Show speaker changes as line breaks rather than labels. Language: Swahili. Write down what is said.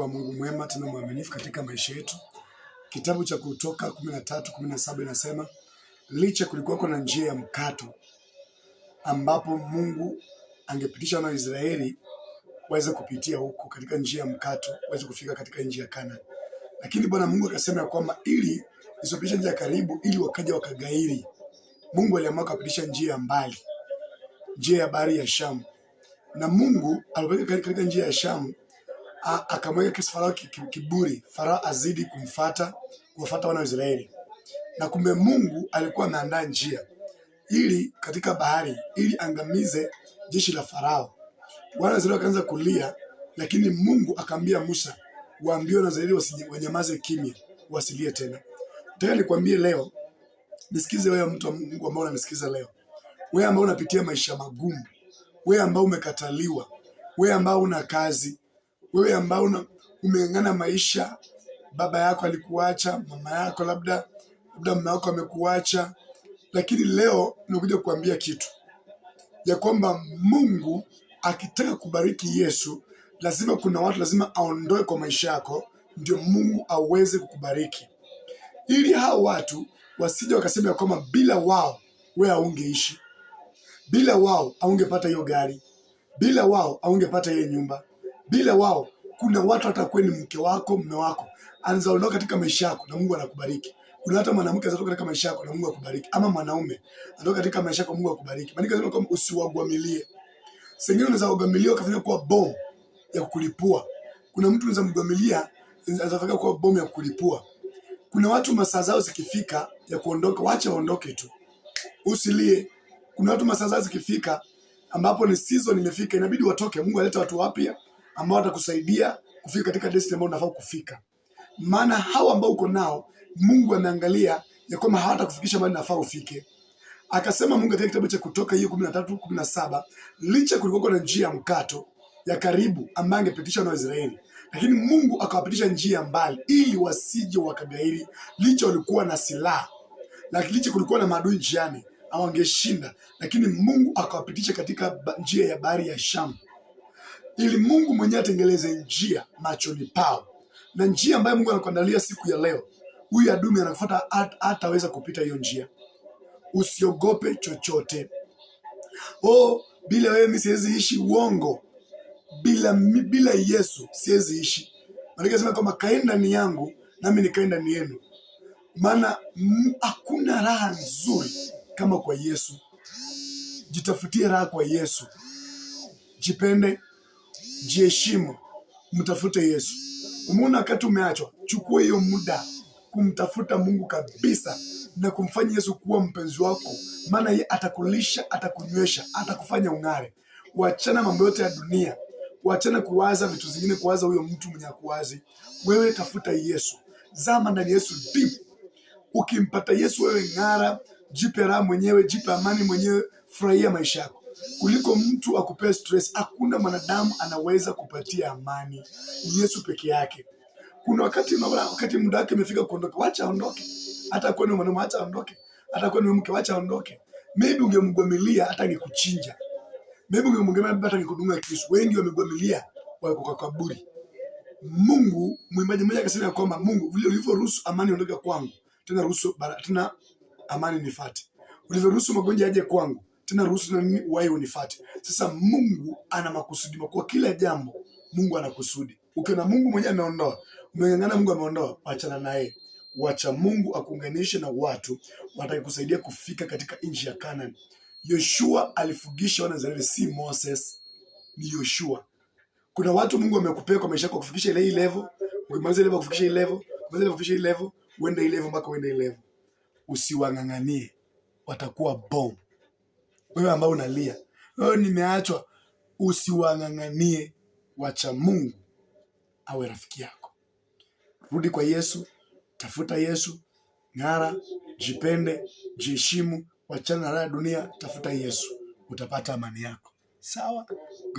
wa Mungu mwema tena mwaminifu katika maisha yetu. Kitabu cha Kutoka kumi na tatu kumi na saba inasema licha kulikuwako na njia ya mkato ambapo Mungu angepitisha wana wa Israeli waweze kupitia huko katika njia ya mkato waweze kufika katika nchi ya Kana, lakini Bwana Mungu akasema ya kwamba ili isipitisha njia karibu, ili wakaja wakagairi. Mungu aliamua kupitisha njia ya mbali, njia ya bahari ya Shamu, na Mungu alipeleka katika njia ya Shamu akamweka Kristo Farao kiburi, Farao azidi kumfata kuwafata wana wa Israeli, na kumbe Mungu alikuwa ameandaa njia ili katika bahari ili angamize jeshi la Farao. Wana wa Israeli wakaanza kulia, lakini Mungu akamwambia Musa, waambie wana wa Israeli wanyamaze kimya, wasilie tena. Nataka nikwambie leo, nisikize wewe mtu wa Mungu ambao unanisikiza leo, wewe ambao unapitia maisha magumu, wewe ambao umekataliwa, wewe ambao una kazi wewe ambao umeengana maisha, baba yako alikuacha, mama yako labda labda mama yako amekuacha, lakini leo nimekuja kuambia kitu ya kwamba Mungu akitaka kubariki Yesu lazima kuna watu lazima aondoe kwa maisha yako, ndio Mungu aweze kukubariki, ili hao watu wasije wakasema ya kwamba bila wao wewe haungeishi, bila wao haungepata hiyo gari, bila wao haungepata hiyo nyumba, bila wao, kuna watu hatakuwa ni mke wako, mume wako, ondoka katika maisha yako na Mungu anakubariki. Kuna hata mwanamke anatoka katika maisha yako na Mungu akubariki, ama mwanaume anatoka katika maisha yako Mungu akubariki. Maana kama kwamba usiwagwamilie. Sengine unaweza kugamilia ukafanya kuwa bomu ya kukulipua. Kuna mtu unaweza mgamilia anafanya kuwa bomu ya kukulipua. Kuna watu masaa zao zikifika ya kuondoka, wacha waondoke tu. Usilie. Kuna watu masaa zao zikifika ambapo ni season imefika, inabidi watoke. Mungu aleta watu wapya ambao watakusaidia kufika katika destiny ambayo unafaa kufika, maana hao ambao uko nao Mungu ameangalia ya kwamba hawatakufikisha mbali nafaa ufike. Akasema Mungu katika kitabu cha Kutoka hiyo 13 17, licha kulikuwa na njia ya mkato ya karibu ambayo angepitisha na Israeli, lakini Mungu akawapitisha njia mbali ili wasije wakagairi, licha walikuwa na silaha, lakini licha kulikuwa na maadui njiani, hawangeshinda, lakini Mungu akawapitisha katika njia ya bahari ya Shamu ili Mungu mwenyewe atengeleze njia machoni pao, na njia ambayo Mungu anakuandalia siku ya leo, huyu adumi anafuata hataweza kupita hiyo njia. Usiogope chochote. Oh, bila wewe mimi siwezi ishi. Uongo, bila bila Yesu siwezi ishi. Maana sema kwamba kaeni ndani yangu nami nikae ndani yenu, maana hakuna raha nzuri kama kwa Yesu. Jitafutie raha kwa Yesu, jipende. Jiheshimu, mtafute Yesu. Umeona wakati umeachwa, chukua hiyo muda kumtafuta Mungu kabisa na kumfanya Yesu kuwa mpenzi wako, maana yeye atakulisha, atakunywesha, atakufanya ung'are. Wachana mambo yote ya dunia, wachana kuwaza vitu zingine, kuwaza huyo mtu mwenye akuwazi wewe. Tafuta Yesu, zama ndani Yesu deep. Ukimpata Yesu wewe ng'ara, jipe raha mwenyewe, jipe amani mwenyewe, furahia maisha yako kuliko mtu akupee stress. Hakuna mwanadamu anaweza kupatia amani, Yesu peke yake. Kuna wakati mabla, wakati muda wake umefika kuondoka, wacha aondoke, hata kwa ni mwanamume, acha aondoke, hata kwa ni mke, wacha aondoke. Maybe ungemgomelia hata angekuchinja, maybe ungemgomelia hata angekudunga kisu. Wengi wamegwamilia wako kwa kaburi. Mungu, mwimbaji mmoja akasema kwamba Mungu, vile ulivyoruhusu amani ondoke kwangu, tena ruhusu tena amani nifuate. Ulivyoruhusu magonjwa yaje kwangu tena ruhusu na mimi uwai unifate. Sasa Mungu ana makusudi kwa kila jambo Mungu ana kusudi. Ukiona Mungu mwenyewe ameondoa, umeng'ang'ana Mungu ameondoa, achana naye, wacha Mungu akuunganishe na watu watakusaidia kufika katika nchi ya Kanani. Yoshua alifugisha wana Israeli, si Moses, ni Yoshua. Kuna watu Mungu amekupea kwa maisha yako kufikisha ile level, ukimaliza ile level kufikisha ile level, ukimaliza kufikisha ile level, uende ile level mpaka uende ile level. Usiwang'ang'anie, watakuwa bomu wewe ambao unalia wewe, nimeachwa, usiwang'ang'anie wacha Mungu awe rafiki yako. Rudi kwa Yesu, tafuta Yesu, ng'ara, jipende, jiheshimu, wachana na raha dunia, tafuta Yesu, utapata amani yako. Sawa.